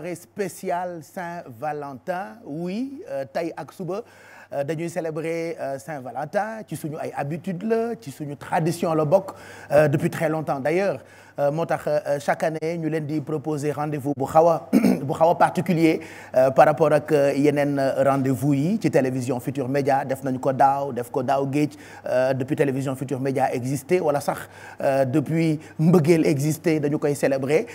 spécial spéciale Saint-Valentin oui euh, tey ak suba euh, dañuy célébrer euh, Saint-Valentin ci suñu ay habitude la ci suñu tradition la bokk depuis très longtemps d'ailleurs moo tax chaque année ñu leen di proposer rendez-vous bu xaw bu xaw a particulier euh, par rapport ak euh, yeneen euh, rendez-vous yi ci télévision Futur Média def nañ ko daaw def ko daaw géej depuis télévision Futur Média existé wala sax depuis mbëggeel existé dañu koy célébrer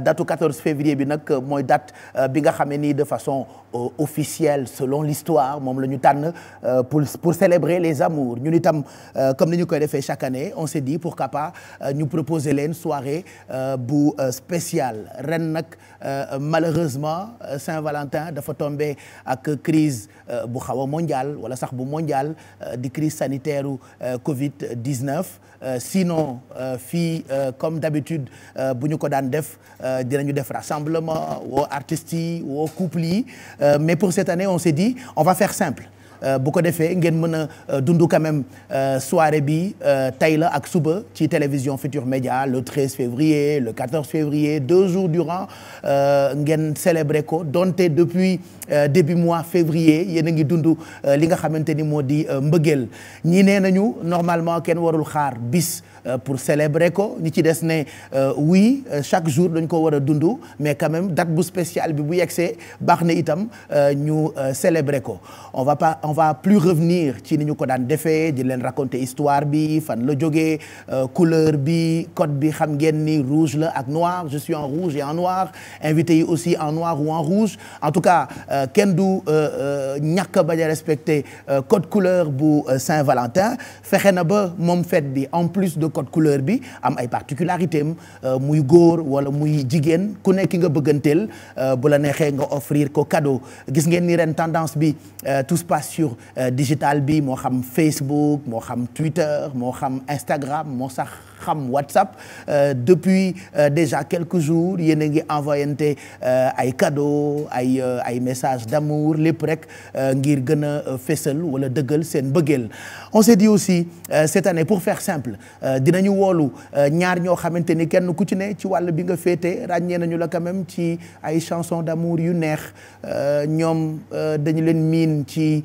datu février bi nag mooy date bi nga xamee ni de façon officielle selon l'histoire moom la ñu tànn pour pour célébrer les amours ñun itam comme ni ñu koy defee chaque année on s'est dit pourquoi pas ñu proposer leen soirée bu spéciale ren malheureusement euh, Saint-Valentin dafa tombé ak crise euh, bu xaw a mondiale wala sax bu mondiale euh, di crise sanitaire u Covid 19 sinon fii comme d'habitude bu ñu ko daan def dinañu def rassemblement woo artistes yi woo couple mais pour cette année on s'est dit on va faire simple. Euh, bu ko defee ngeen mën a euh, dund quand même euh, soirée bi tey la ak suba ci télévision Futur Média le 13 février le 14 février deux jours durant ngeen célébrer ko donte depuis début mois février yéen a ngi dund li nga xamante ni moo di mbëggeel ñi nee nañu normalement kenn warul xaar bis Euh, pour célébrer ko ñi ci des ne euh, oui euh, chaque jour dañ ko war a dund mais quand même date bu spéciale bi bu yegsee baax na itam ñu célébrer ko on va pas on va plus revenir ci ni ñu ko daan defee di leen raconter histoire bi fan la jógee couleur bi code bi xam ngeen ni rouge la ak noir je suis en rouge et en noir invité yi aussi en noir ou en rouge en tout cas kenn du ñàkk bañ a respecter code couleur bu Saint-Valentin fexe na ba moom fête bi en plus de code couleur bi am ay particularité am euh, muy góor wala muy jigéen ku nekk nga bëgganteel euh, bu la neexee nga ofrir ko cadeau gis ngeen ni ren tendance bi euh, tout se passe sur digital bi moo xam Facebook moo xam Twitter moo xam Instagram moo sax xam WhatsApp depuis déjà quelque jour yéen a ngi envoyante ay cadeau ay ay message d'amour lépp rek ngir gën a fésal wala dëggal seen mbëggeel on s'est dit aussi cette année pour faire simple dinañu woolu euh, ñaar ñoo xamante ni kenn ku ci ne ci wàll bi nga féete ràññee nañu la quand même ci ay chansons d'amour yu neex euh, ñoom euh, dañu leen miin ci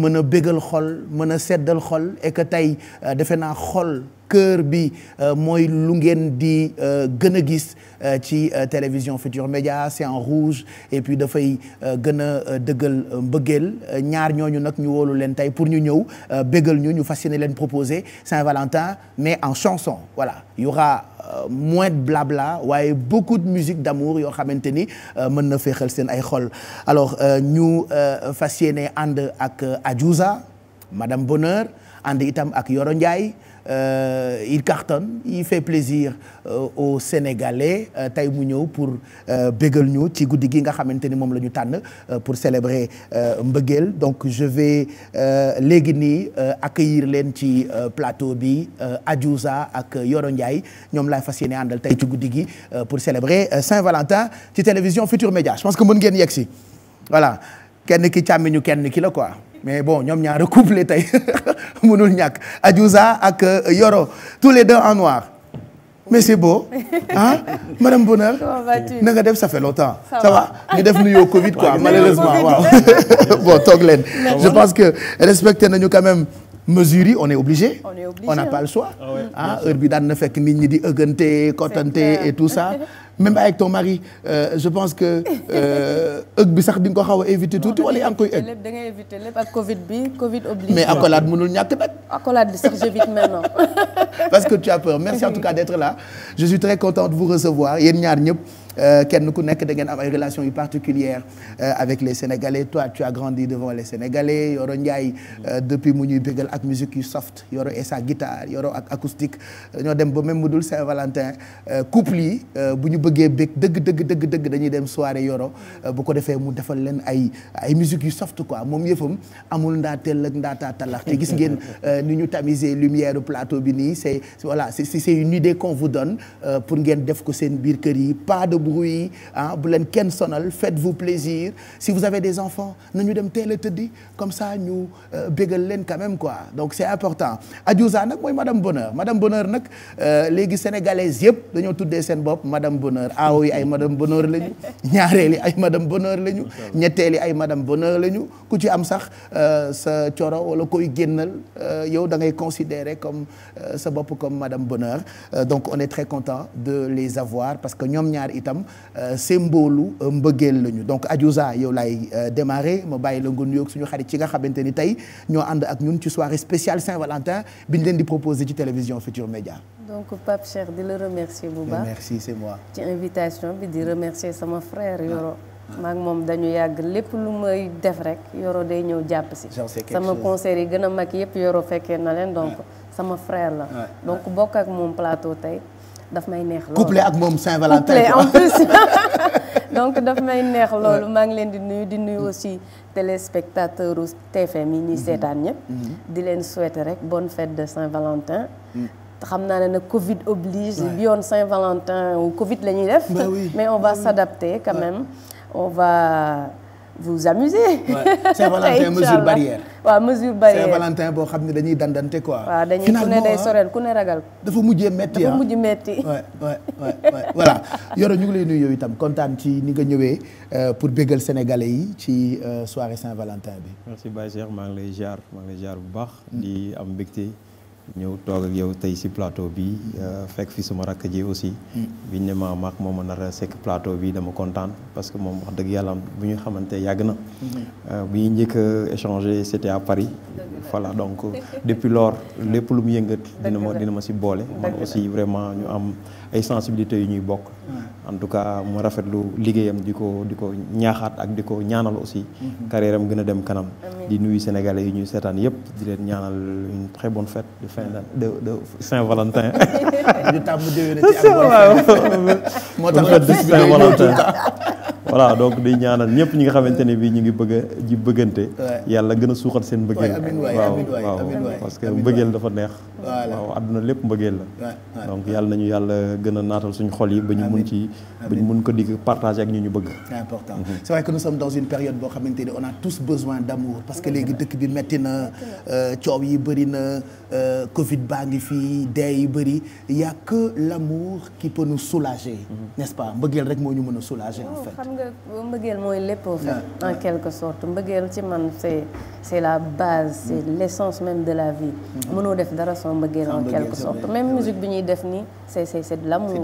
mën a bégal xol mën a seddal xol et que tey defe naa xol cœur bi euh, mooy lu ngeen di euh, gën a gis euh, ci télévision Futur Média c'est en rouge et puis dafay gën a dëggal mbëggeel ñaar ñooñu nag ñu wóolu leen tey pour ñu ñëw bégal ñu ñu fasciné leen proposer Saint-Valentin mais en chanson voilà il y aura moins de blabla waaye beaucoup de musique d'amour yoo xamante ni mën na féexal seen ay xol alors ñu fas yéene ànd ak Adiouza Madame Bonheur ànd itam ak Yoro Ndiaye Euh, il cartonne il fait plaisir euh, aux Sénégalais euh, tey mu ñëw pour euh, bégal ñu ci guddi gi nga xamante ni moom la ñu tànn euh, pour célébrer mbëggeel donc je vais léegi nii accueillir leen ci plateau bi Adiouza ak Yoro Ndiaye ñoom laay fas yéene àndal tey ci guddi gi pour célébrer Saint-Valentin ci télévision Futur Média je pense que mën ngeen yegg si voilà. kenn ki càmmiñu kenn ki la quoi mais bon ñoom ñaar couplé tey mënul ñàkk Adiouza ak euh, Yoro tous les deux en noir mais c'est beau madame Bonheur. na def ça fait longtemps. ça, ça va ñu def nuyoo Covid quoi malheureusement waaw. bon toog je pense que respecté nañu quand même. mesures on est obligé on n'a pas le ah ah, heure bi daan na fekk nit ñi di ëggante kottante et tout même avec ton mari euh, je pense que ëgg euh, bi sax di nga ko xaw a éviter tuuti wala koy ëgg. da ngay éviter lépp ak Covid bi Covid oblige. mais accolade mënul ñàkk nag. accolade bi sax j'évite maintenant. parce que tu as peur merci en tout cas d'être là je suis très content de vous recevoir yéen ñaar ñëpp. Euh, kenn ku nekk da ngeen am ay relations yu particulières euh, avec les Sénégalais toi tu as grandi devant les Sénégalais Yoro Ndiaye euh, depuis mu ñuy bégal ak musique yu soft Yoro et sa guitare Yoro ak acoustique ñoo dem ba même mu dul Saint-Valentin couple yi bu ñu bëggee bég dëgg dëgg dëgg dëgg dañuy dem soirée Yoro bu ko defee mu defal leen ay ay musique yu soft quoi moom yëfam amul ndaateel ak ndaata tallax te gis ngeen ni ñu tamiser lumière plateau bi nii c'est voilà c'est c'est une idée qu'on vous donne pour ngeen def ko seen biir kër yi bruit bu leen kenn sonal faites-vous plaisir si vous avez des enfants na ñu dem teel a tëddi comme ça ñu euh, bégal leen quand même quoi donc c'est important Adiouza nag mooy madame Bonheur madame Bonheur nag euh, léegi sénégalaise yëpp dañoo tuddee seen bopp madame Bonheur aaw ah yi ay madame Bonheur lañu ñaareel yi ay madame Bonheur lañu ñetteel yi ay madame Bonheur lañu ku ci am sax euh, sa coro wala koy génnal yow da ngay considérer comme sa bopp comme madame Bonheur donc on est très content de les itam euh, symbole euh, mbëggeel lañu donc Adiouza yow laay euh, démarrer ma bàyyi la nga nuyoog suñu xarit ci nga xamante ni tey ñoo ànd ak ñun ci soirée spéciale Saint-Valentin bi ñu leen di proposer ci télévision Futur Média. donc Pape Cheikh di la remercier bu baax ci invitation bi di remercier sama frère Yoro. Ah, ah. maak moom dañu yàgg lépp lu may def rek Yoro day ñëw jàpp si. sama concert yi gën a mag yëpp Yoro fekkee na leen donc ah. sama frère la. donc bokk ak moom plateau daf may neex loolu couplé ak moom saint en plus donc dafa may neex loolu maa ngi leen di nuyu di nuyu aussi téléspectateur u TFM yi ñuy mm-hmm. seetaan ñëpp mm-hmm. di leen souhaiter rek bonne fête de Saint-Valentin mm. xam naa ne nag Covid oblige bi yoon Saint-Valentin ou Covid la ñuy def mais on va s'adapter quand même on va vous amusez. Ouais. Saint-Valentin mesure barrière. waaw mesure barrière Saint-Valentin boo xam ne dañuy dandante quoi. waaw dañuy ku ne day soreel ku ne ragal. dafa mujjee metti dafa mujj metti voilà Yoro ñu ngi lay nuyu yow itam kontaan ci ni nga ñëwee euh, pour béggal sénégalais yi ci euh, soirée Saint-Valentin bi. merci Baye Cheikh maa ngi lay jaar maa lay jaar bu baax. Mm. di am mbégte. ñëw toog ak yow tey si plateau bi euh, fekk fi suma rakk ji aussi. Hmm. biñ ne ma maak moom a nar a sekk plateau bi dama kontaan parce que moom wax dëgg yàlla bu ñu xamante yàgg na. Hmm. Euh, bi ñuy njëkk a échanger c'était à Paris. voilà donc depuis lors lépp lu mu yëngat. dina ma dina ma si boole. man aussi vraiment ñu am ay sensibilités yu ñuy bokk. en tout cas mu rafetlu liggéeyam di ko di ko ñaaxaat ak di ko ñaanal aussi. Mhm. carrière am gën a dem kanam. di nuyu sénégalais yi ñuy seetaan yëpp di leen ñaanal une très bonne fête de fin de de Saint-Valentin. di tàmm déwéné ci de donc di ñaanal ñëpp ñi nga xamante ne bii ñu ngi bëgg ji bëggante. yàlla gën a suuxal seen mbëggeel. waaw parce que mbëggeel dafa neex. waaw àdduna lépp mbëggeel la. donc yàlla nañu yàlla gën a naatal suñu xol yi ba ñu mun ci bañ mun ko di partager ak ñu ñu bëgg important mhm. c'est vrai que nous sommes dans une période boo xamante ni on a tous besoin d'amour parce que léegi dëkk bi metti na euh, coow yi bëri na euh, covid baa ngi fii dee yi bëri y a que l'amour qui peut nous soulager mhm. n'est-ce pas mbëggeel rek moo ñu mën a soulager en oh, xam nga mbëggeel mooy lépp en quelque sort mbëggeel ci man c'est c'est la base c'est mhm. l'essence même de la vie mënoo def dara sans mbëggeel en quelque sorte même c'est c'est c'est de l'amour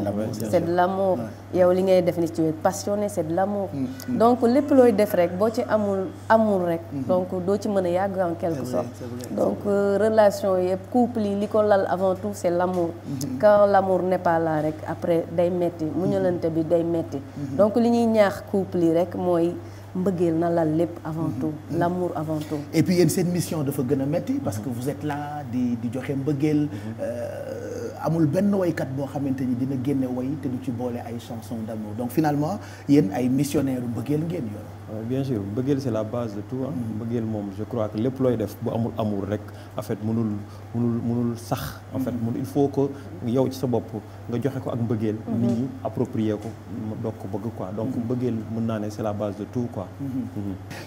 c'est l'amour yow li ngay def ni ci passionné c'est de l'amour mm, mm. donc lépp looy def rek boo ci amul amul rek mm-hmm. donc doo ci mën a yàgg en quelque sorte donc euh, relation yëpp couple yi li ko lal avant tout c'est l'amour mm-hmm. quand l'amour n'est rek après day metti mm-hmm. muñalante bi day metti donc li ñuy ñaax couple yi rek mooy mbëggeel na la lépp avant tout l'amour avant tout et puis yéen seen mission dafa gën a metti parce que vous êtes là di di joxe mbëggeel euh, amul benn woykat boo xamante ni dina génne woy te du ci boole ay chansons d'amour donc finalement yéen ay missionnaire mbëggeel ngeen yor. Euh, bien sûr mbëggeel c'est la base de tout ah. mbëggeel moom je crois que lépp looy def bu amul rek en fait mënul mënul mënul sax. en fait mm-hmm. mënul il faut que yow ci sa bopp nga joxe ko ak mbëggeel. Mm-hmm. nit ñi approprier ko doog ko bëgg quoi donc mbëggeel mën naa ne c'est la base de tout quoi.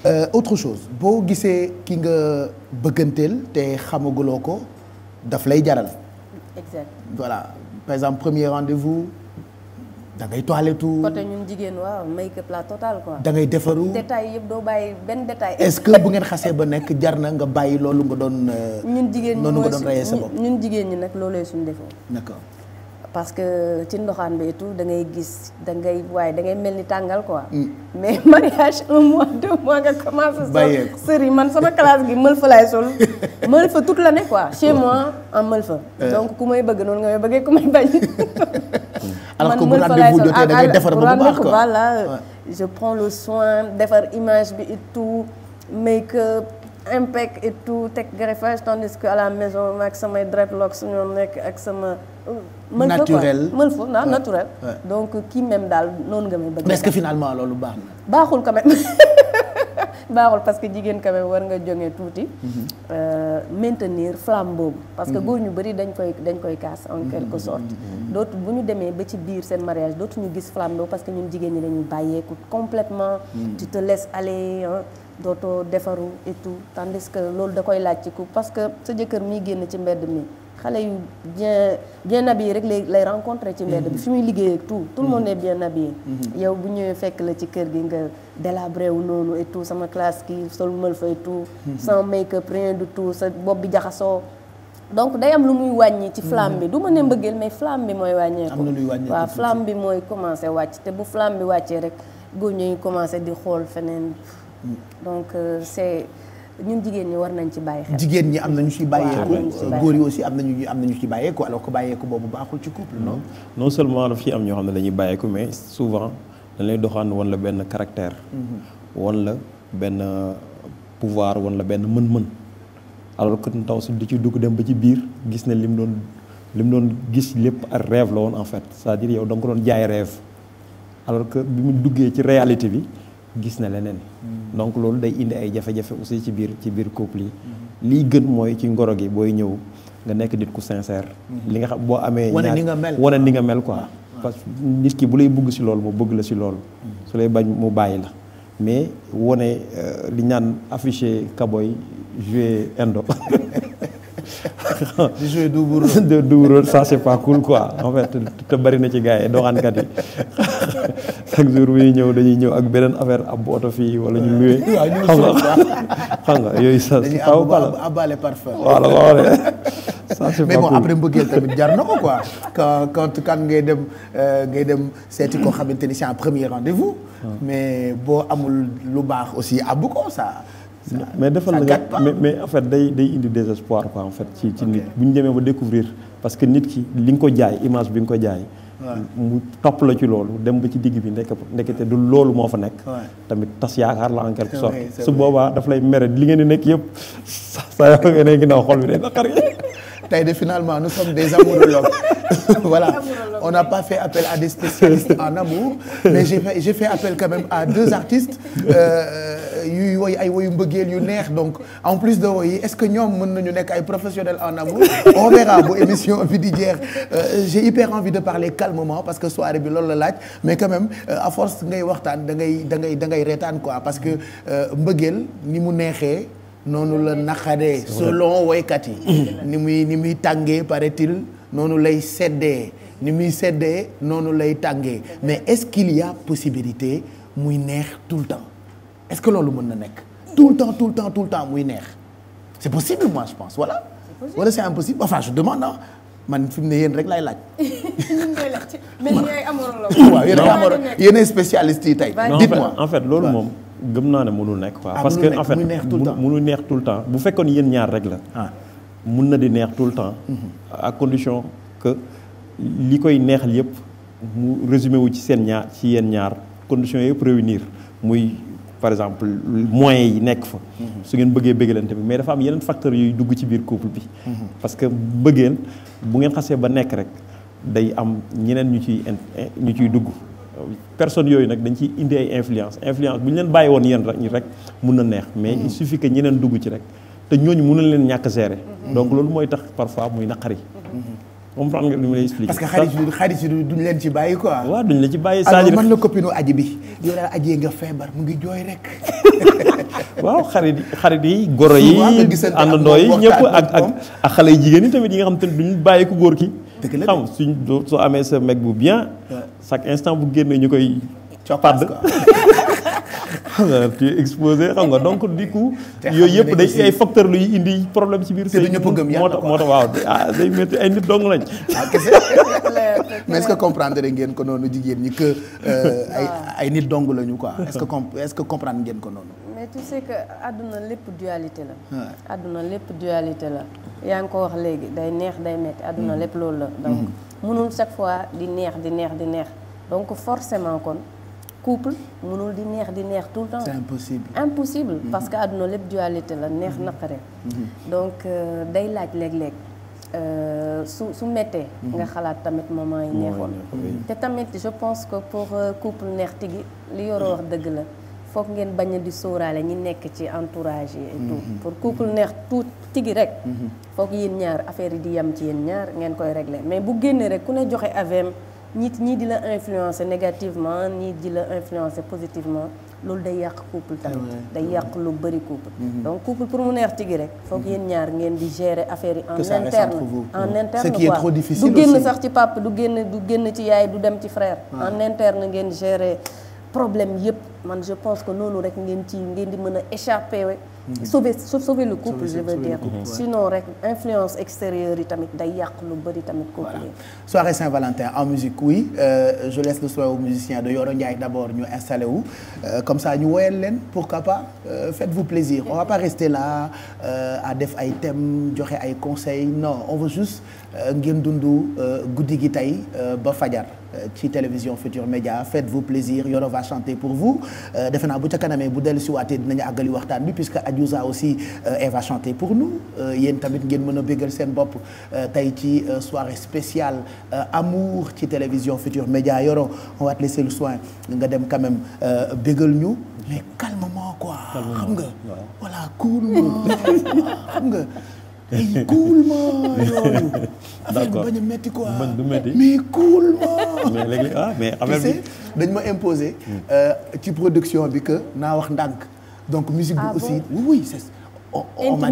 Euh, autre chose boo gisee ki nga bëgganteel te xamaguloo ko daf lay jaral. exact voilà par exemple premier rendez-vous da ngay toilettu. côté ñun jigéen waaw make-up la total quoi. da ngay defaru détail yëpp doo bàyyi benn détail. est-ce que bu ngeen xasee ba nekk jar na nga bàyyi loolu nga doon. Euh, ñun jigéen ñi noonu nga doon reyee sa bopp. ñun jigéen ñi nag looloo suñu defoo. d'accord. parce que ci ndoxaan bi et tout da ngay gis da ngay waaye da mel ni tàngal quoi. Mm. mais mariage un mois deux mois nga commencé. bàyyeeku sëri man sama classe gi mël fa laay sol. mël fa toute l'année quoi chez oh. moi en mël fa. Eh. donc ku may bëgg noonu nga may bëggee ku may bañ. alors que bu rendez-vous jotee da ah, ngay ah, defar ba bu baax quoi voilà je prends le soin defar image bi et tout make impec et tout teg greffage tandis que à la maison ak samay dreadlocks ñoo nekk ak sama. Euh, naturel mël fa waaw naturel. donc euh, kii même daal noonu nga may bëgg. mais est-ce que baax na. baaxul quand même baaxul parce que jigéen quand même war nga jógee tuuti. Mhm. Euh, maintenir flamme boobu. parce que mhm. góor ñu bëri dañ koy dañ koy kaas en mhm. quelque sorte. dootu bu ñu demee ba ci biir seen mariage dootuñu gis flamme boobu parce que ñun jigéen ñi lañuy bàyyeeku completement tu te laisses aller hein. dootoo defaru et tout tandis que loolu da koy laaj ci parce que sa jëkkër miy génn ci mbedd mi xale yu bien bien habillé rek lay lay rencontré ci mbedd bi mm-hmm. fi muy liggéey ak tout tout le monde mm-hmm. est bien habillé mm-hmm. yow bu ñëwee fekk la ci kër gi nga délabré wu noonu et tout sama classe ki sol mal fa et tout sans make up rien du tout sa bopp bi jaxasoo donc day am lu muy wàññi ci flamme bi du ma ne mbëggeel mais flamme bi mooy wàññeeku waa flamme bi mooy commencé wàcc te bu flamme bi wàccee rek góor ñuy commencé di xool feneen donc euh, c'est ñun jigéen ñi war nañ ci bàyyi xel. jigéen ñi am na ñu ci bàyyeeku góor yi aussi am na ñu am na ñu ci bàyyeeku alors que bàyyeeku boobu baaxul ci couple. non mm-hmm. non seulement daf ci am ñoo xam ne dañuy bàyyeeku mais souvent dañ lay doxaan wan benn caractère. Mm-hmm. wan benn pouvoir wan benn mën-mën. alors que ndaw su di ci dugg dem ba ci biir gis na lim doon lim doon gis lépp ak rêve la woon en fait sa à dire yow da doon jaay rêve alors que bi mu duggee ci réalité bi gis na leneen. Mm-hmm. donc loolu day indi ay jafe-jafe aussi ci biir ci biir couple yi lii gën mooy ci ngoro gi booy ñëw nga nekk nit ku sincère mhm. li nga xam boo amee wane ni nga mel wane ni nga mel quoi ah. parce que nit ki bu lay bëgg si loolu mu bëgg la si loolu mhm. su lay bañ mu bàyyi la mais wane li euh, ñaan affiché kaboy joué indo di jouer double rôle de double rôle ça pas cool quoi en fait te bari na ci gars yi doxaankat yi chaque jour bu ñuy ñëw dañuy ñëw ak beneen affaire ab oto fii wala ñu luwe. xam nga xam nga yooyu ça. dañuy abbalé parfum. voilà voilà. ça c'est mais na ko quoi. quand ngay dem euh, ngay dem seeti koo xamante ni c'est un mais boo amul lu baax aussi àbb ko ça. mais defal la mais mais en fait day day indi désespoir quoi en fait. ci ci nit bu ñu demee ba découvrir parce que nit ki li nga ko jaay image bi nga ko jaay. mu topp la ci loolu dem ba ci digg bi nekk nekkite du loolu moo fa nekk. tamit tas yaakaar la en quelque sorte. su boobaa daf lay mere li ngeen di nekk yëpp saa yoo xam ne ginnaaw xol bi day naqar tey de finalement nous sommes des amourologues voilà on n'a pas fait appel à des spécialistes en amour mais j'ai fait j'ai fait appel quand même à deux artistes euh, yuy woy ay woyu yu neex donc en plus de woy est-ce que ñoom mën nañu nekk ay professionnels en amour on verra bu émission bi di jeex euh, j'ai hyper envie de parler calmement parce que soirée bi loolu la laaj mais quand même euh, à force ngay waxtaan da ngay da ngay da ngay quoi parce que mbëggeel ni mu neexee noonu la naqadee selon woykat yi ni muy ni muy tàngee paraît noonu lay seddee ni muy seddee noonu lay tàngee mais est-ce qu'il y possibilité muy neex tout le temps est-ce que loolu mun na nekk tout le temps tout le temps tout le temps muy neex c'est possible moi je pense voilà wala c'est impossible enfin je demande man fi mu ne yéen rek lay laaj. mais yéen ay amoro spécialiste yi tey. dites-moi en fait loolu moom. gëm naa ne mënul nekk quoi. Ah, parce que en fait mënul neex tout le temps bu fekkoon yéen ñaar rek la. Ah. mun na di neex tout le temps. ak mm-hmm. condition que li koy neexal yëpp mu résumé wu ci seen ñaar ci yéen ñaar conditions yëpp réunir muy par exemple moyens yi nekk fa. Mm-hmm. su ngeen bëggee bëggalante bi mais dafa am yeneen facteurs yooyu dugg ci biir couple bi. Mm-hmm. parce que bëggeel bu ngeen xasee ba nekk rek day am ñeneen ñu ci ciy ñu ciy dugg. personnes yooyu nag dañ ciy indi ay influence influence bu ñu leen bàyyi woon yéen rek mun na neex mais il suffit que ñeneen dugg ci rek te ñooñu mun na leen ñàkk gérer donc loolu mooy tax parfois muy naqari comprendre nga li ma lay expliquer. parce que xarit yi xarit yi duñ leen ci bàyyi quoi. waaw duñ leen ci bàyyi. cest à man la copine aji bi yow daal aji nga feebar mu ngi jooy rek. waaw xarit xarit yi goro yi àndandoo yi ñëpp ak ak ak xale yu jigéen yi tamit yi nga xam te ne duñ bàyyi ku góor xam suñ soo amee sa mec bu bien chaque instant bu génnee ñu koy padd xam nga tu es exposé xam nga donc du coup yooyu yëpp day ay facteur luy indi problème ci biir sëy ñëpp gëm moo tax moo tax waaw ah day métti ay nit dong lañ ah, mais est-ce que comprendre ngeen ko noonu jigéen ñi que euh, ay ay nit dong lañu quoi est-ce que est-ce que comprendre ngeen ko noonu mais tu sais que àdduna lépp dualité la. àdduna lépp dualité la. yaa ngi ko wax léegi day neex day metti àdduna mm-hmm. lépp loolu la. donc mm-hmm. mënul chaque fois di neex di neex di neex donc forcément kon couple mënul di neex di neex tout le temps. c'est impossible impossible. Mm-hmm. parce que àdduna lépp dualité la neex naqare. donc euh, day laaj léeg-léeg. Euh, su su méttee. nga xalaat tamit moment yi neexoon. te tamit je pense que pour euh, couple neex tigi li Yoro wax dëgg la. foog ngeen bañ di sóoraale ñi nekk ci entourage yi et tout mhm. pour couple neex tout tigi rek mhm. foog yéen ñaar affaire yi di yem ci yéen ñaar ngeen koy régler mais bu génnee rek ku ne joxe avem ñit ñii di la influencer négativement ñii di la influencer positivement loolu day yàq couple tamit ah day yàq lu bëri couple mhm. donc couple pour mu neex tigi rek foog yéen ñaar ngeen di gérer affaire yi en interne en interne quoi du génn sax ci papa du génn du génn ci yaay du dem ci frère ah. en interne ngeen gérer problème yépp man je pense que noonu rek ngeen ci ngeen di mën a échapper Mhm. sauver sauver le couple je veux dire sinon rek influence extérieure yi tamit day yàq lu bëri tamit couple yi soirée Saint-Valentin en musique oui euh, je laisse le soin aux musiciens de Yoro Ndiaye d'abord ñu installé wu euh, comme ça ñu woyal leen pourquoi pas euh, faites-vous plaisir on va pas rester là euh, à def ay thèmes joxe ay conseils non on veut juste euh, ngeen dund euh, guddi gi tey ba fajar ci télévision Futur Média faites-vous plaisir Yoro va chanter pour vous defe naa bu ca kanamee bu dellusiwaatee dinañu àggali waxtaan bi puisque Adiouza aussi euh, elle va chanter pour nous euh, yéen tamit ngeen mën a bégal seen bopp euh, tey ci soirée spéciale amour ci télévision Futur Média Yoro on va te laisser le soin nga dem quand même bégal ñu mais calmement quoi. xam nga voilà cool xam nga. ay cool ma yooyu. d' accord affaire bañ a métti quoi man du métti mais cool ma. mais léegi ah mais affaire bi dañ ma imposer. Hmm. ci production bi que naa wax ndànk. donc musique bi ah aussi bon? oui oui on, on m'a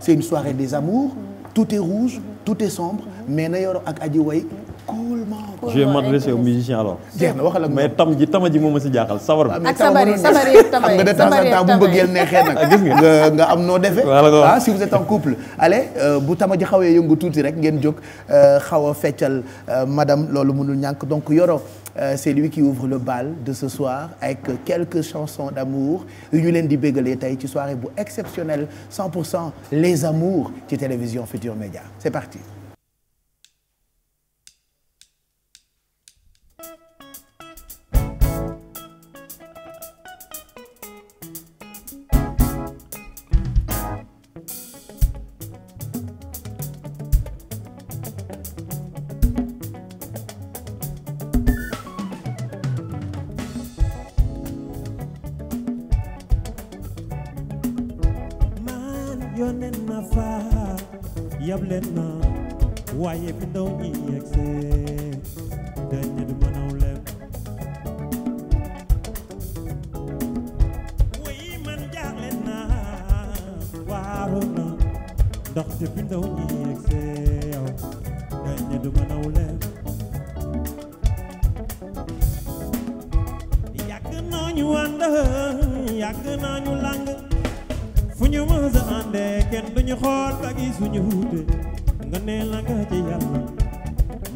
c'est soirée des amours mm-hmm. tout est rouge mm-hmm. tout est sombre mm-hmm. mais na yoro ak aji way coolement. je vais m'adresser aux musiciens na waxal ak mais tam ji tama ji moom ma si jaaxal sabar bi. Ah, ak sabar yi sabar yi xam nga de temps en temps bu bëggee neexee nag. Ah, gis nga nga am noo defee. ah si vous êtes en couple. allez euh, tam tama ji xawee yëngu tuuti rek ngeen jóg euh, xaw a feccal euh, madame loolu mënul ñànk donc yoro. Euh, c'est lui qui ouvre le bal de ce soir avec quelques chansons d'amour yu ñu leen di bégalee tey ci soirée bu exceptionnelle 100 pour cent les amours ci télévision Futur Média c'est parti yableen waaye fi ndaw ñi yegsee dañu du mënaw leen way man jaaxle na waaru na ndaxte fi ndaw ñi yegsee yow dañu du mënaw leen yàgg nañu ànd yàgg nañu làng fu ñu mës a àndee kenn duñu xool ba gis suñu wuute nga ne la nga ci yàlla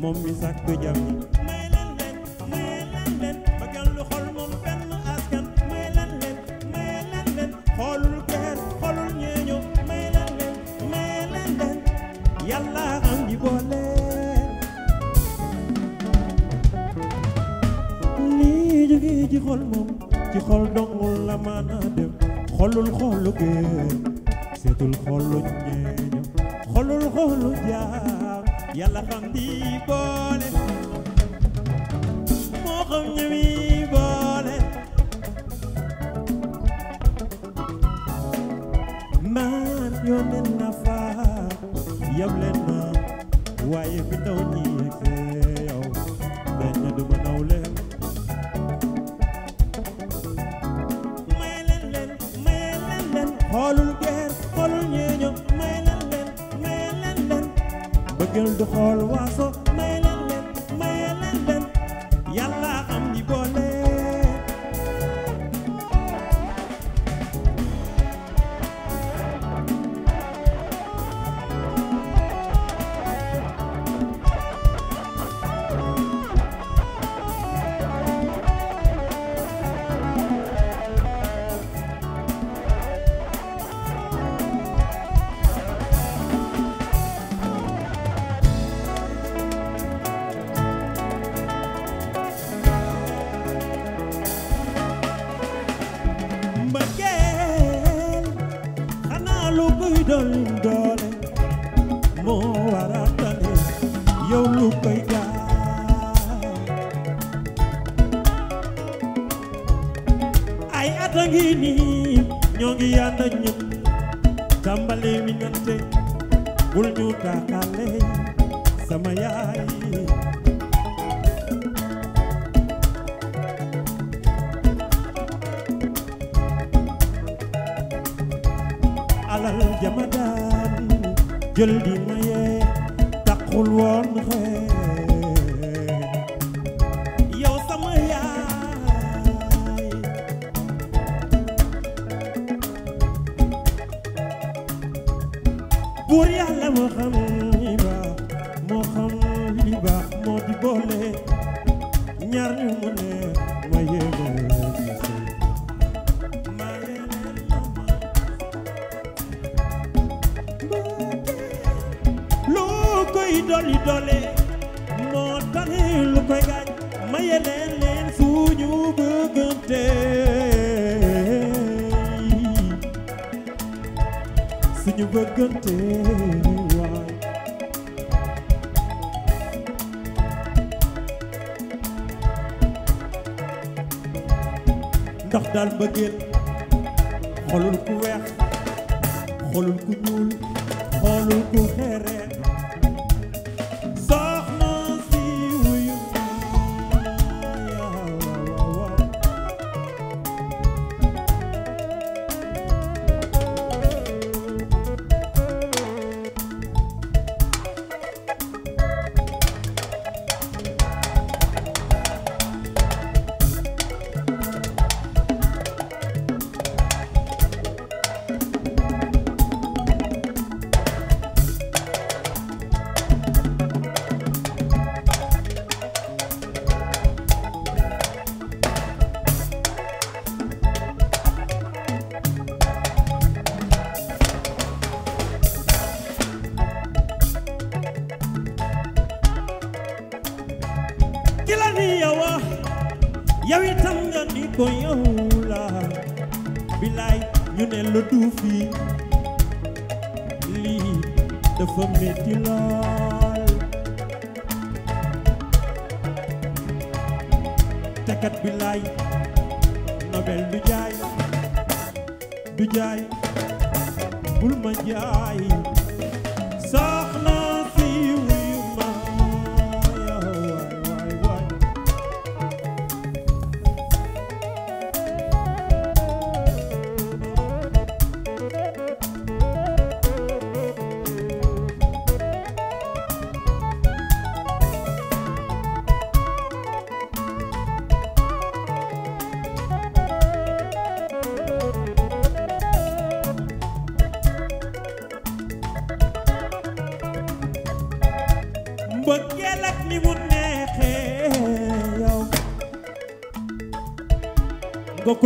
moom mi sàkk jàmm la duufi lii dafa metti laal tekat bi laay nobel du jaay du jaay bul ma jaay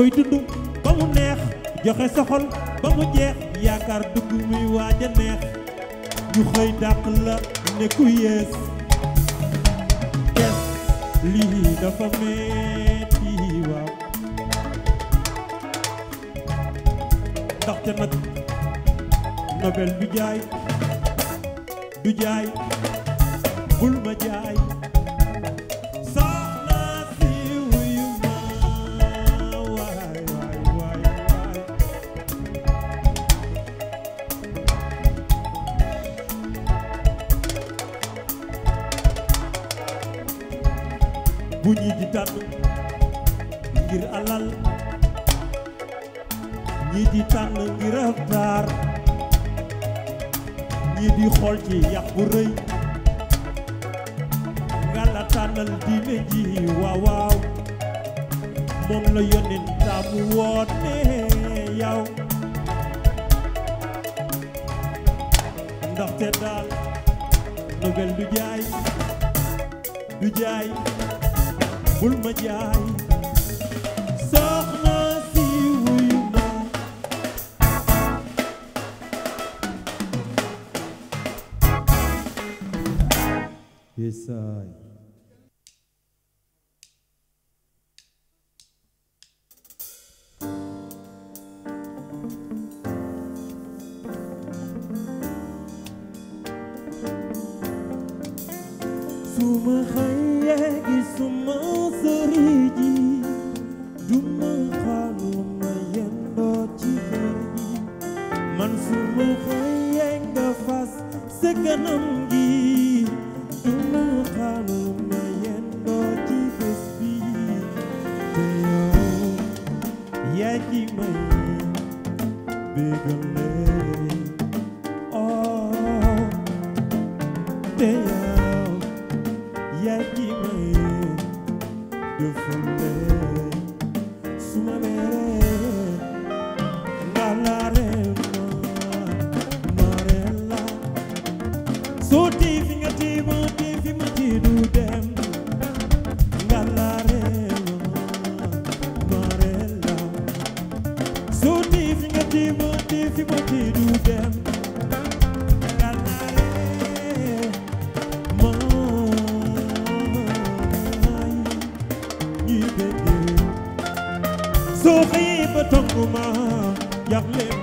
koy dund ba mu neex joxe soxol ba mu jeex yaakaar dugg muy waaj a neex ñu xëy dàq la ne ku yées kees lii dafa metti waaw ndaxte nag Nobel du jaay du jaay bul ma jaay bu ñi di tànn ngir alal di tànn ngir di xool ci yàq rëy nga tànnal diine ji waaw waaw moom la yónneen taamu woone yow ndaxte daal nobel du jaay du jaay bul ma jaay soxna yesaay soo xëyee ba tonguma yàq leen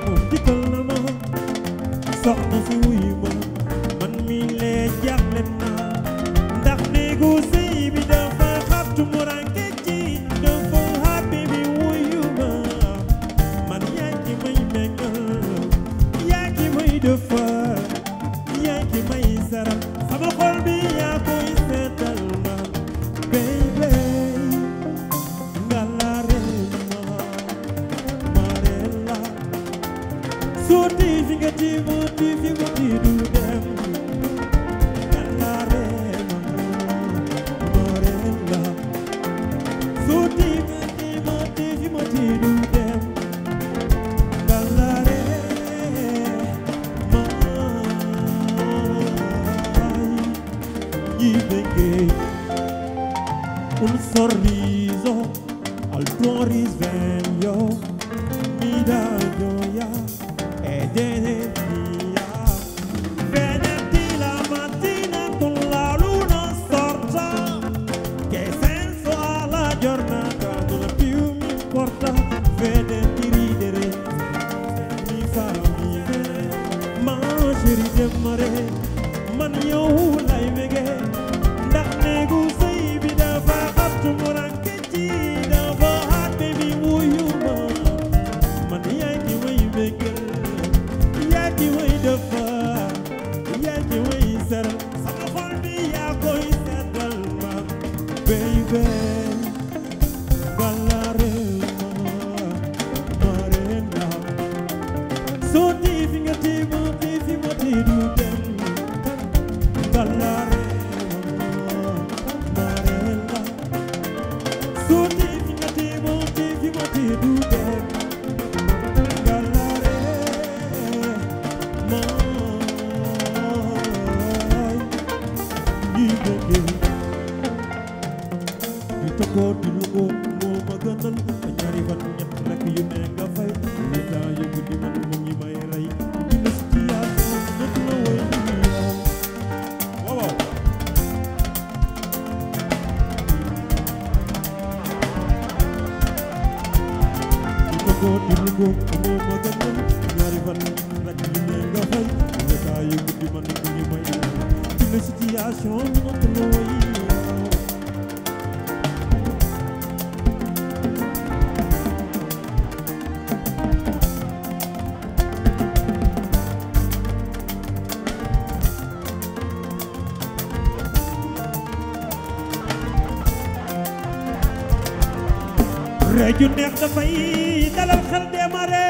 dafay dalal xel démarré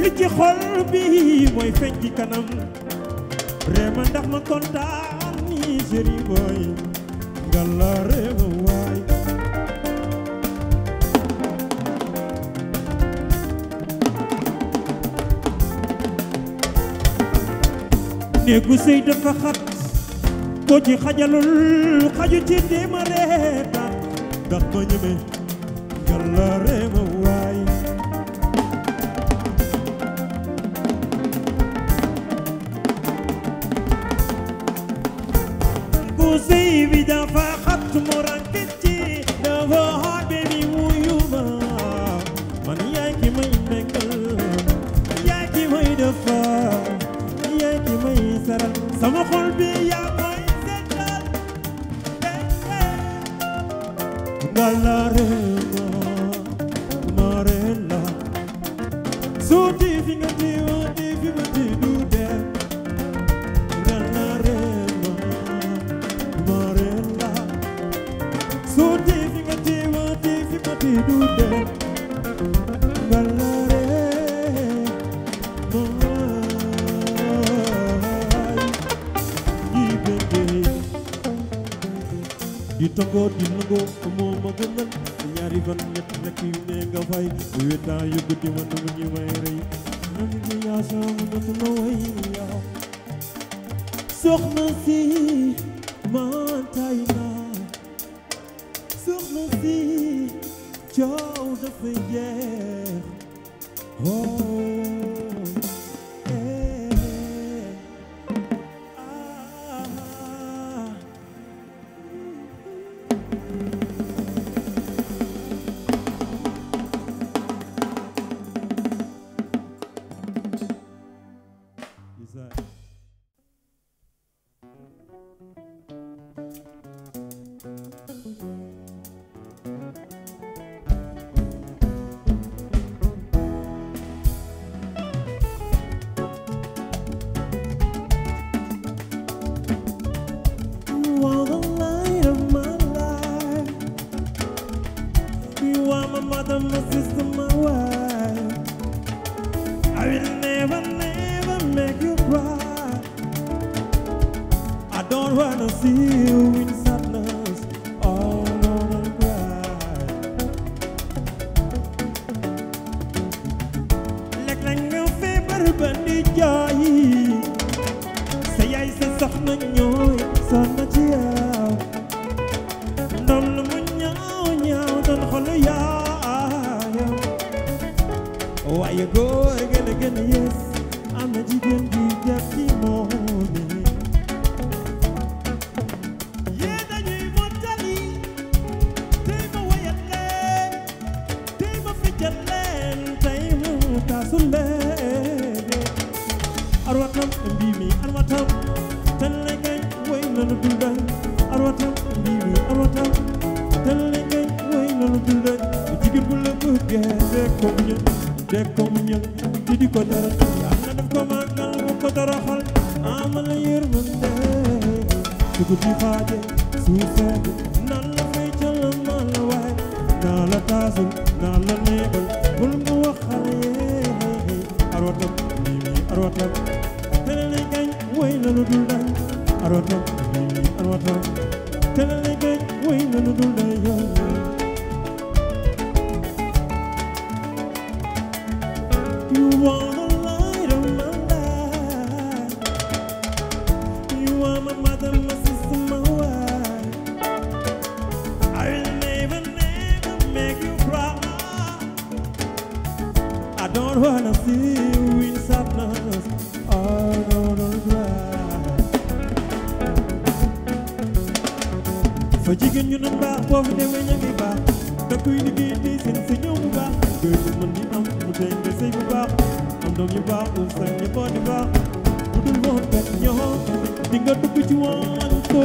li ci xol bi mooy feeñ ci kanam réema ndax ma kontaan ni chéri nga la réema waay néegu sëy dafa xat ko ci xajalul xaju ci dimare ta ndax ma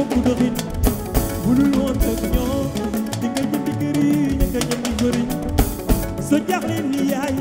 bu doxin bu dul woon ak ñoom di nga jënd kër yi ñu nga jënd bëri soo jaaxlee ni yaay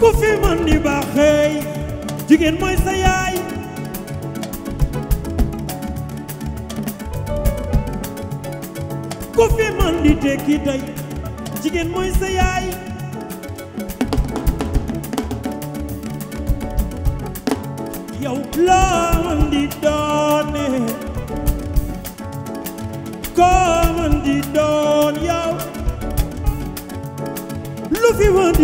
ku fi man di baaxeey jigéen mooy sa yaay ku fi man di tekki tey jigéen mooy sa yaay yow loo man di doone koo man di doon yow ku fi woon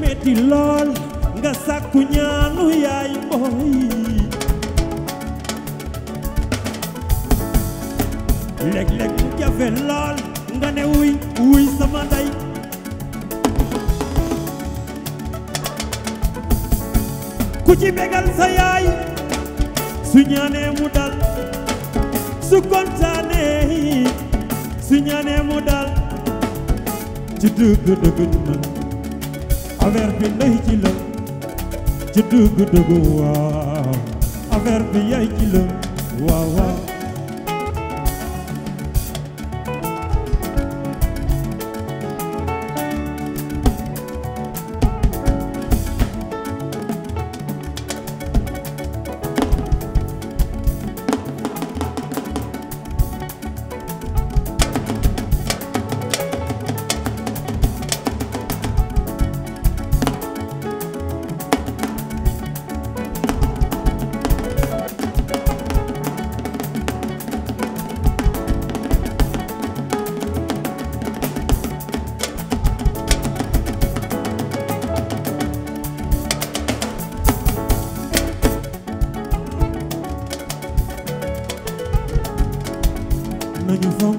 metti lool nga sàkku ñaanu yaay mooy léeg-léeg jafe lool nga ne wuy wuy sama ndey ku ci bégal sa yaay su ñaanee mu dal su kontaanee su ñaanee mu dal ci dëgg dëgg na affaire bi lay ci la ci dëgg dëgg waaw affaire bi yaay ci la waaw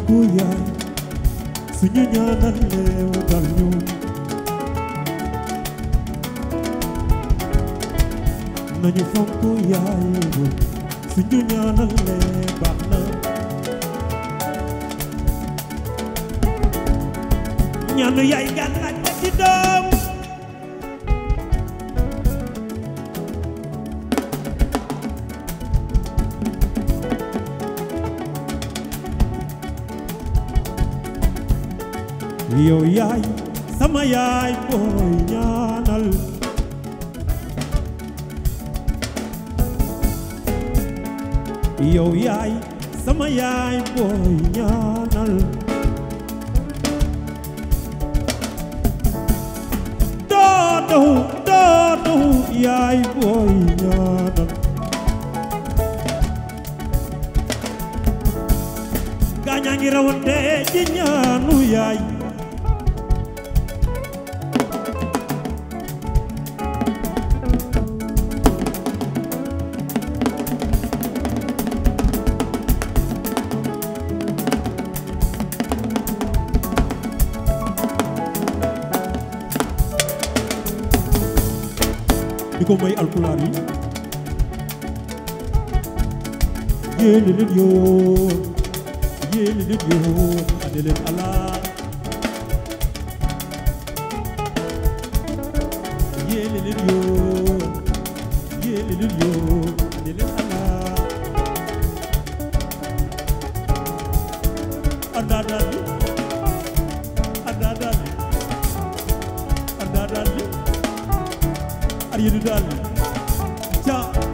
bu yaay suñu ñaanalee mu dal ñu nañu fonk yaay baax na ñaanu yaay gànnaaj ci doom yow yaay sama yaay booy ñaanal yow yaay booy ñaanal pulaar yi yéele leen yoon yéele leen yoon ade leen alaar yéele leen yoon yéele leen yoon ade leen alaar adaadaa li adaadaa li adaadaa li ar yéene daal Aja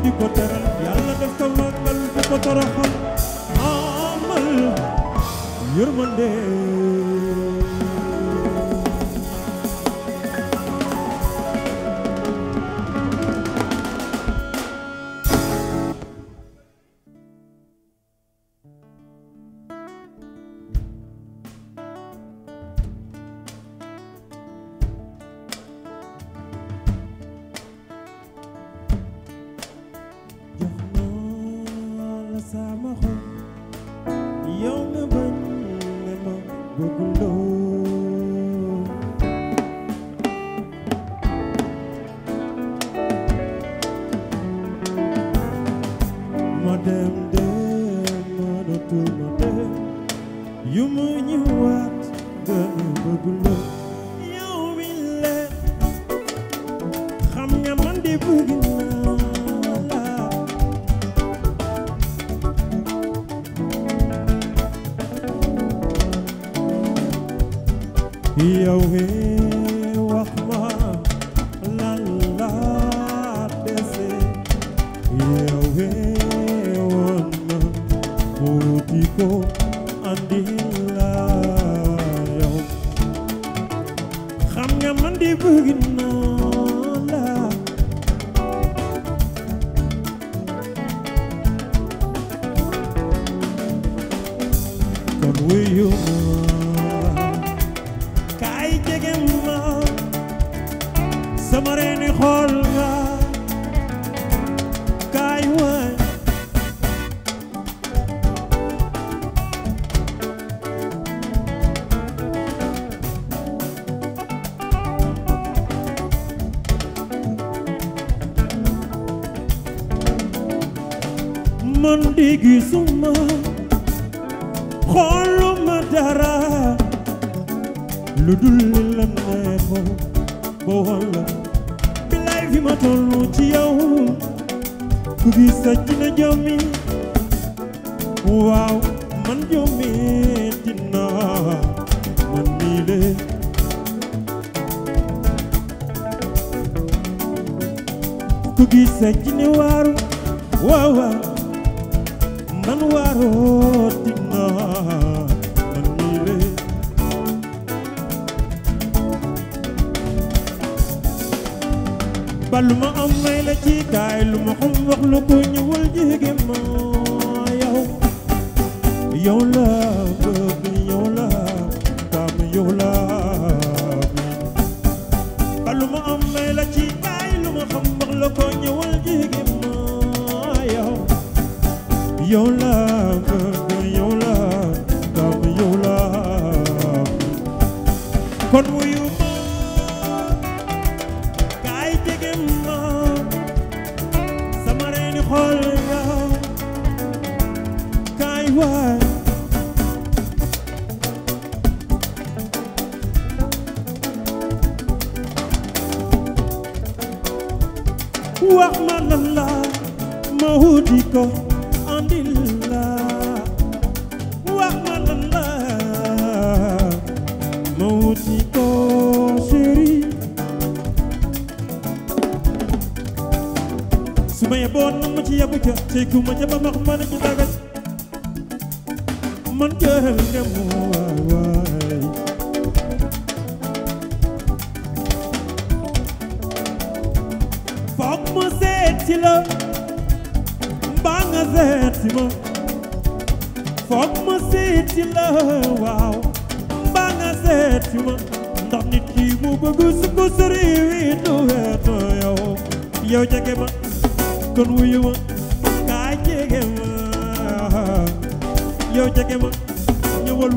di ko bëgg na wax ma lan la ma wuti ko a la wax ma lan la ma wuti ko chéri su ma yeboon na ma ci yebu ca ci ku ma ba max ma na ci dagat man jël nga mu waaw waaw la mbaa nga seeti ma foog ma seeti waaw mbaa nga seeti ma nit ki mu bëgg su ko sori wi du weeto yow kon wuyu kaa jege ma yow jege ma ñëwal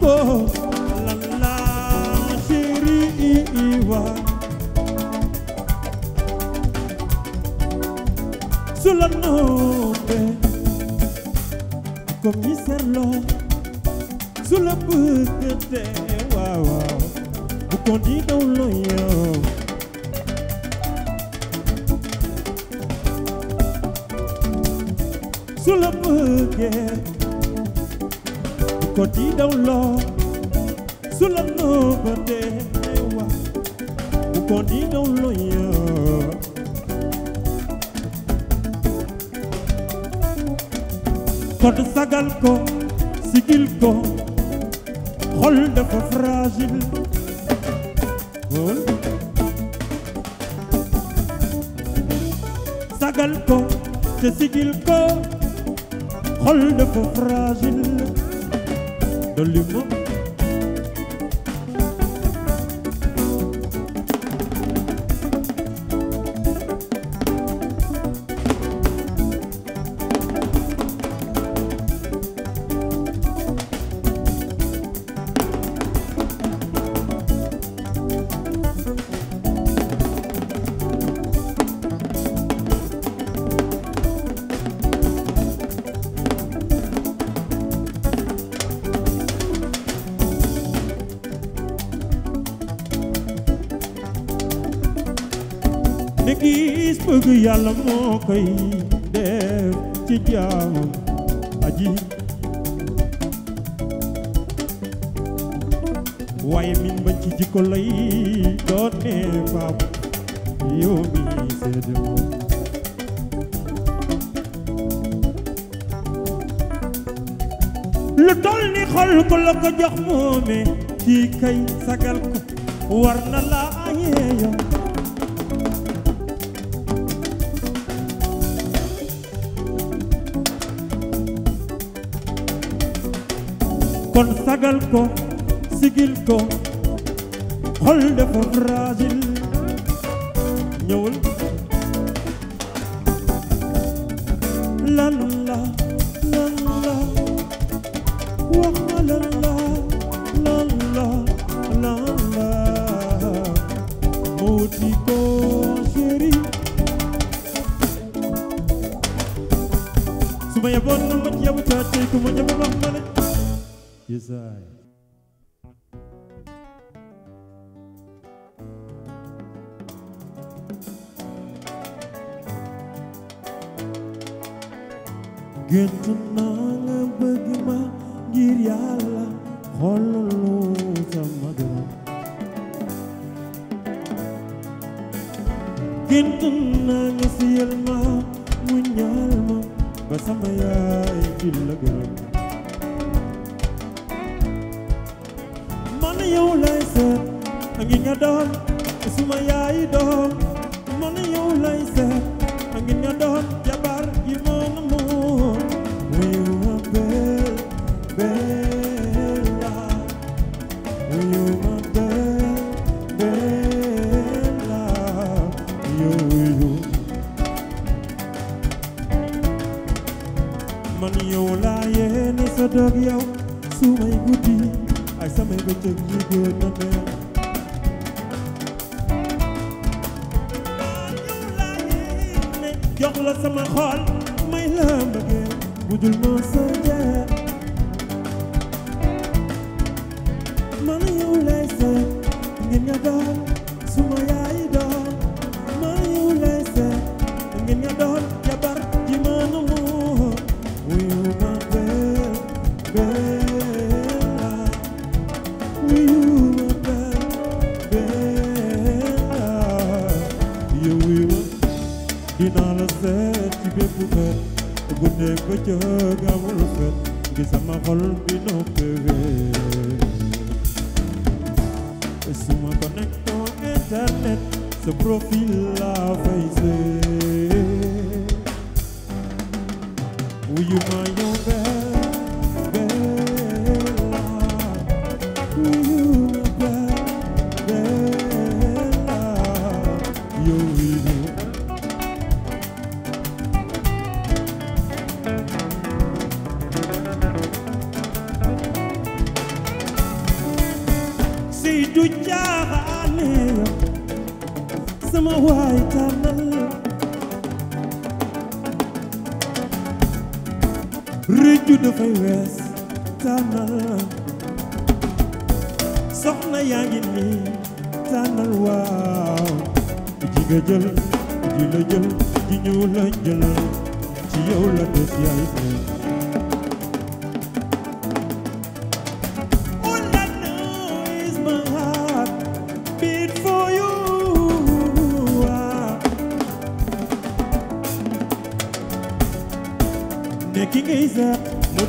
ko lalla chérie wa sulla nube comme serlo sulla bëgg te waaw waaw bu ko di daw lo yow sulla bëgg koti dawlo sulanno bande wa ko koti dawlo ya kon sagal ko sigil ko xol dafa fragile sagal ko te sigil ko xol dafa fragile absolument nga gis bëgg yàlla moo koy def ci jaamam aji waaye min bañ ci jikko lay doon ne faam seede moom lu toll ni xol ko la ko jox moome kii kay sagal ko war na la kon sagal ko sigil ko xol dafa fragile ñëwul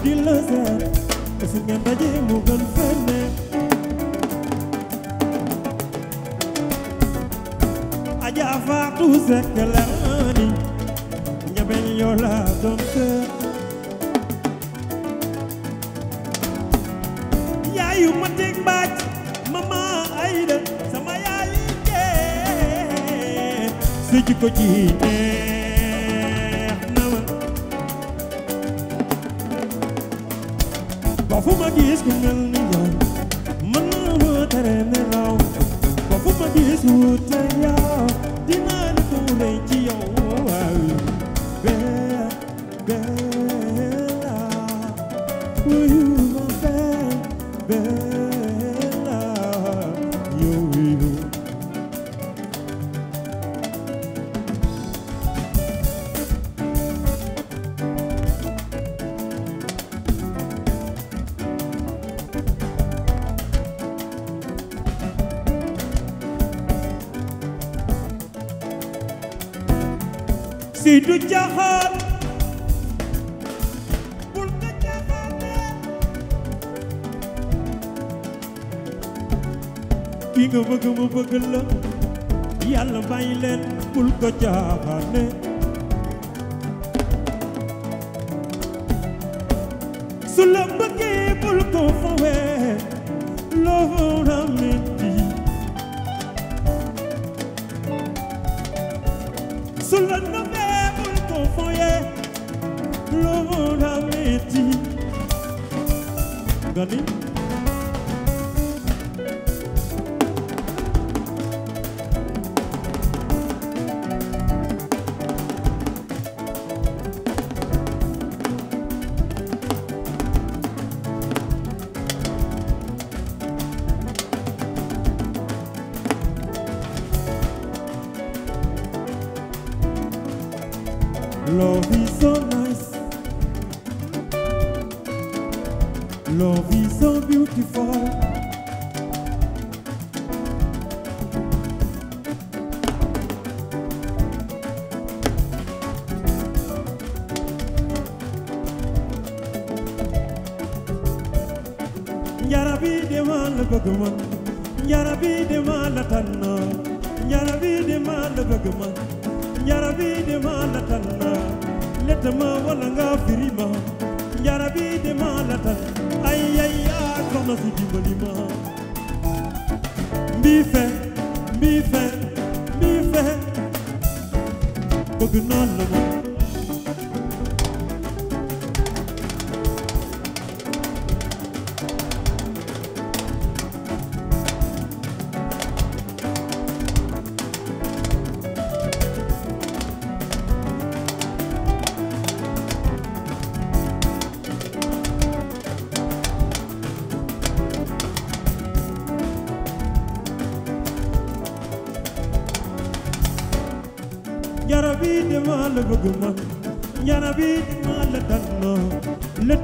di la seet te su ngeen daje mu gën fene aja faatu sekk laani ñabel yoo la doon seet yaayu ma teg mbaaj mama ayda sama yaayi jee su jikko ji mel bëgg la yàlla may leen bul ko jaaxaane su la bëggee bul ko fawee loo ramendi su la nëbbee bul ko fawee loo ramendi nga ni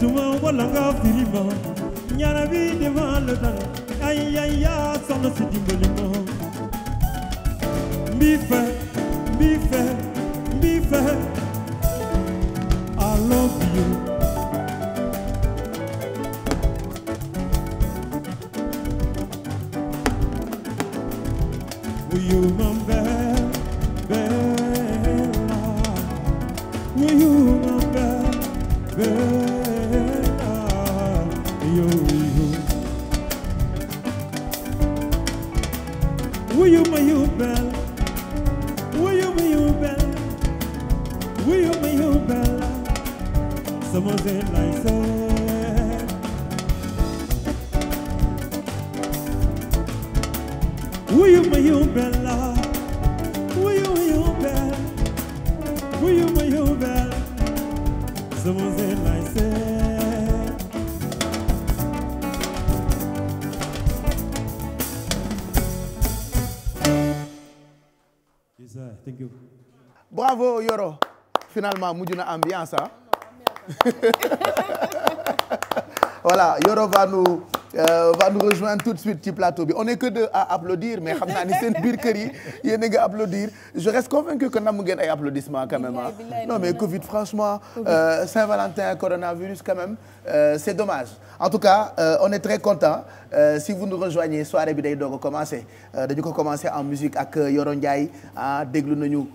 tuma walla nga firima ñaara bi devant le dal ay ay ya si dimbali ma mbi fe mbi fe mbi fe I love you wuyu ma finalement mujj na ambiance ah voilà Yoro va nous euh, plateau bi on est que deux applaudir mais xam naa ni seen biir kër yi yéen a ngi applaudir je reste convaincu que nam ngeen applaudissement quand même ah. mais Covid franchement euh, Saint-Valentin coronavirus quand même euh, c'est dommage en tout cas euh, on est très content euh, si vous nous rejoignez soirée bi day doog a commencé euh, dañu ko commencé en musique ak Yoro Ndiaye ah déglu nañu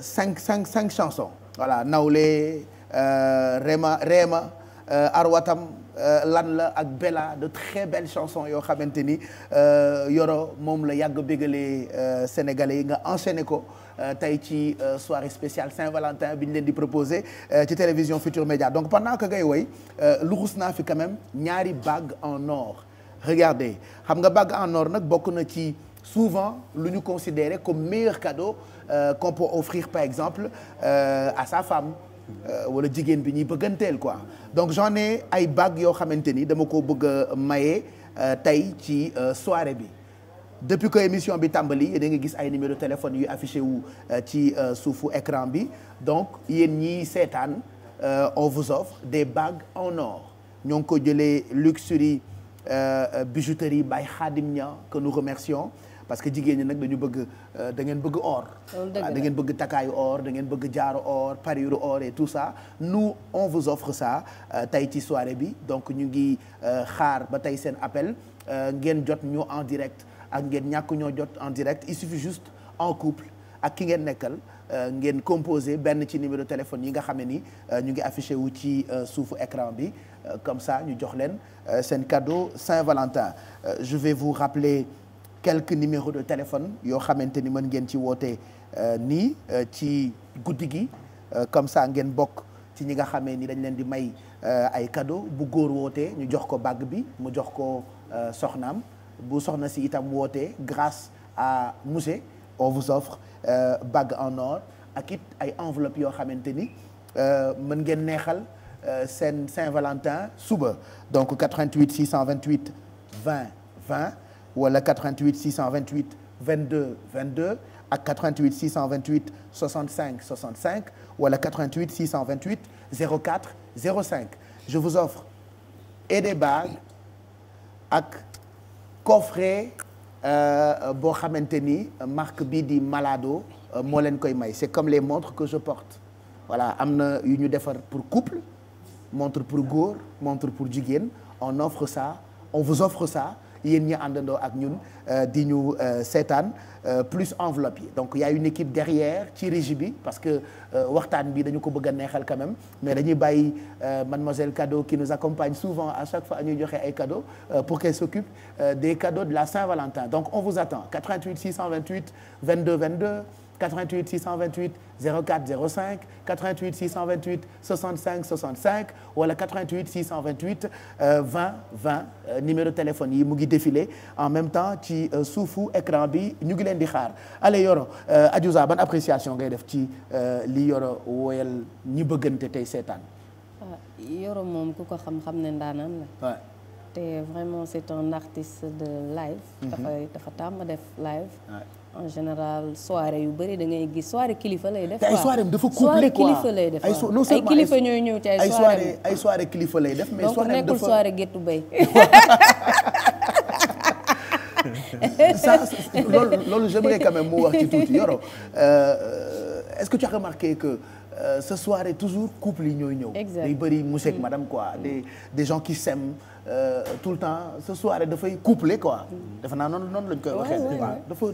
cinq cinq cinq chansons voilà nawle euh, rema reema euh, arwatam euh, lan la ak Bella de très belles chansons yoo xamante ni Yoro moom la yàgg bégalee sénégalais yi nga enchaîné ko tey ci soirée spéciale Saint-Valentin bi ñu leen di proposé ci télévision Futur Média donc pendant que ngay woy luxus naa fi quand même ñaari bague en or regardez xam nga bague en or nag bokk na ci souvent lu ñu considéré comme meilleur cadeau Euh, qu'on peut offrir par exemple euh, à sa femme euh, wala jigéen bi ñuy bëgganteel quoi donc j'en ai ay bagues yoo xamante ni dama ko bëgg a maye tey ci soire bi depuis que émission bi tàmbali yéen ngi gis ay numéro téléphone yu affiché wu ci suufu écran bi donc yéen ñi seetaan on vous offre des bagues en or ñoo ngi ko jëlee luxury bijouterie by Khadim Nia que nous remercions parce que jigéen ñi nag dañu bëgg euh, da ngeen bëgg or ah, da ngeen bëgg takaayu or da ngeen bëgg jaaru or parure or et tout ça nous on vous offre ça euh, tey ci soirée bi donc ñu ngi euh, xaar ba tey seen appel ngeen jot ñu en direct ak ngeen ñàkk ñoo jot en direct il suffit juste en couple ak ki ngeen nekkal ngeen composé benn ci numéro téléphone yi nga xam ne ni ñu ngi affiché wu ci suufu écran bi comme ça ñu jox leen seen cadeau Saint-Valentin je vais vous rappeler quelques numéros de téléphone yoo xamante ni mën ngeen ci woote euh, nii euh, ci guddi gi euh, comme ça ngeen bokk ci ñi nga xame ni dañ leen di may ay cadeau bu góor wootee ñu jox ko bàgg bi mu jox ko soxnaam bu soxna si itam wootee grâce a Moussé on vous offre bague en or ak it ay enveloppe yoo xamante ni mën ngeen neexal seen Saint-Valentin suba donc 88 628 20 20 wala 88 628 22 22 ak 88 628 65 65 wala 88 628 04 05 je vous offre et des bagues ak coffret euh, boo xamante ni marque bii di Malado euh, moo leen koy may c'est comme les montres que voilà am na yu ñu defar pour couple montre pour góor pour jigéen on ça on yéen ñi àndandoo ak ñun euh, di ñu euh, seetaan euh, plus enveloppe yi donc y a une équipe derrière ci régie bi parce que waxtaan bi dañu ko bëgg a neexal quand mais dañuy bàyyi mademoiselle Kado qui nous accompagne souvent à chaque fois ñuy joxe ay cadeaux pour qu'elle s'occupe des cadeaux de la Saint-Valentin donc on vous attend 88 88 628 04 05 88 628 65 65 wala 88 628 20 euh, 20 euh, numéro téléphone yi mu ngi défilé en même temps ci euh, suufu écran bi ñu ngi leen di xaar allez Yoro Adiouza ban appréciation ngay def ci li Yoro woyal ñi bëggante tey seetaan. Yoro moom ku ko xam-xam ne ndaanaan la. te vraiment c'est un artiste de live. Mm-hmm. dafay dafa tàmm def live. en général soirée yu bëri dangay ngay gis soirée kilifa lay def. te ay soirée dafa couplé quoi kilifa ñooy ñëw ci ay soirée ay soirée kilifa lay def. mais soirée dafa donc nekkul soirée géttu bay. ça loolu loolu j'aimerais quand même mu wax ci tuuti Yoro euh, est-ce que tu as remarqué que. Euh, ce soir est toujours couple yi ñooy ñëw. day bëri monsieur ak mm. madame quoi mm. des des gens qui s'aiment euh, tout le temps ce soir dafay couplé quoi. Mm. defe naa noonu noonu lañ koy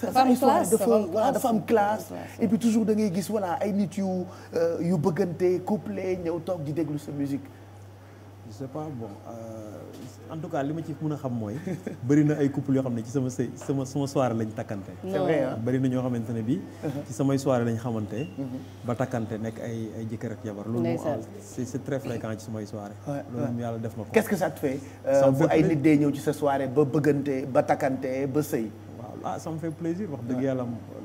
dafa am classe dafa voilà dafa am classe et toujours da ngay gis voilà ay nit yu euh, yu bëggante couplé ñëw toog di déglu sa musique je sais pas euh, en tout cas li ma ci mën a xam mooy bëri na ay couple yoo xam ne ci sama sama sama soirée lañ takkante c'est vrai na ñoo xamante ne bii uh-huh. ci samay soirée lañ xamante uh-huh. ba takkante nekk ay ay jëkkër ak jabar loolu mu ah, c'est ci samay soirée yàlla def na ko qu'est-ce euh, bu ay nit dee ñëw ci sa soir ba bëggante ba takkante ba sëy ah sama me fait plaisir wax dëgg yàlla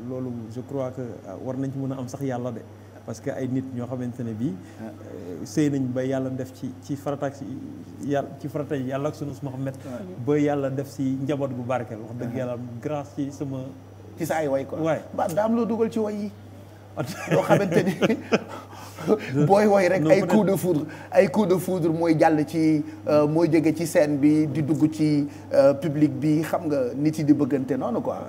loolu je crois que ah, war nañ ci mën a am sax yàlla de parce que ay nit ñoo xamante ne bii euh, sëy nañ ba yàlla def ci ci farataak si yàlla ci farata yàlla ak sunu Muhammad ba yàlla def si njaboot bu barkeel wax dëgg yàlla grâce ci sama ci sa way quoi waaye am loo dugal ci way yi booy woy rek ay coup de four ay coup de foudre mooy jàll ci euh, mooy jege ci scène bi di dugg ci euh, public bi xam nga nit yi di bëggante noonu quoi.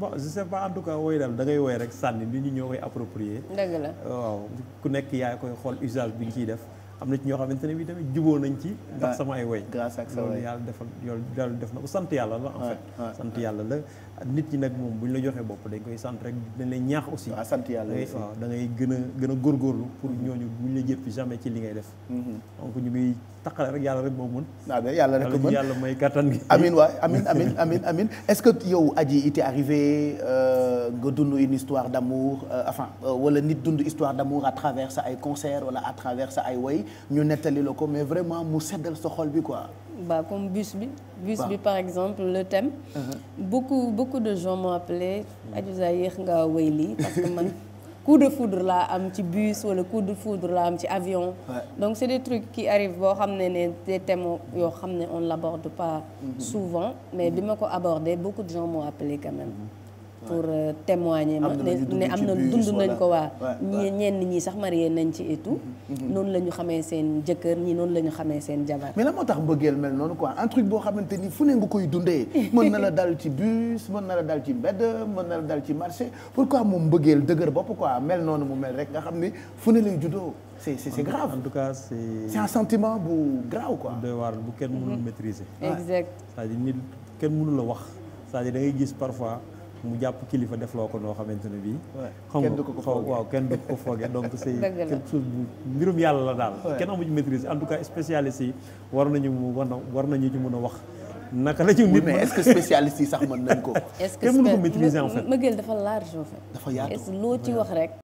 bon je sais pas en tout cas wooy daal dangay ngay rek sànni nit ñi ñoo koy approprier. dëgg waaw ku nekk yaa koy xool usage bi ñu ciy def am na ci ñoo xamante ne bi tamit juboo nañ ci. ndax sama ay woy grâce ak yàlla defal yow yàlla def na ko sant yàlla la. en sant yàlla la. nit ñi nag moom bu ñu la joxee bopp dañ koy sant rek dañ lay ñaax aussi. waaw sant yàlla waaw da ngay gën gën a góorgóorlu pour mm-hmm. ñooñu bu ñu la jëpp jamais ci li ngay def. Mm-hmm. donc ñu ngi taqale rek yàlla rek moo mën. waaw ah, yàlla rek mën yàlla may kattan gi. amiin waay amiin amiin amiin amiin est-ce que yow aji it est arrivé euh, nga dund une histoire d'amour euh, enfin euh, wala nit dund histoire d'amour à travers sa ay concert wala à travers sa ay woy ñu nettali la ko mais vraiment mu seddal sa xol bi quoi. bah, comme bus bi. bus bi par exemple le thème. Uh -huh. beaucoup beaucoup de gens m'ont appelé. Adiouza yéex nga wéy lii parce que man coup de foudre la am ci bus wala coup de foudre laa am ci avion. donc c'est des trucs qui arrive boo xam ne ne des thèmes yoo xam ne on l'aborde pas. Mm souvent mais bi ma ko aborde beaucoup de gens m'ont appelé quand même. Mm-hmm. pour euh, témoigner ma ne am na dund nañ ko waa ñi ñenn ñi sax marié nañ ci et mhm. noonu la ñu xamee seen jëkkër ñi noonu la xamee seen jabar mais la moo tax mbëggeel mel noonu quoi un truc boo xamante ni fu ne nga koy dundee mën na la dal ci bus mën na la dal ci mbedd na la dal ci marché pourquoi moom mbëggeel dëgër bopp quoi mel noonu mu mel rek nga xam fu ne lay juddoo c'est c'est grave en tout cas c'est un sentiment bu grave quoi doy waar bu kenn mënul mhm. maîtriser exact c'est-à-dire nit kenn mënul la wax c'est-à-dire da ngay gis parfois mu jàpp kilifa def loo ko noo xamante ne bii. xam nga waaw kenn du ko foogee donc c' est yàlla la daal. kenn amu ci maîtrise en tout cas spécialiste yi war nañu war na ñu ci mën a wax. naka la ci nit mais est yi sax mën nañ ko. est-ce que kenn mënu ko maîtriser en fait. mëgël dafa large en fait. dafa yaatu loo ci wax rek.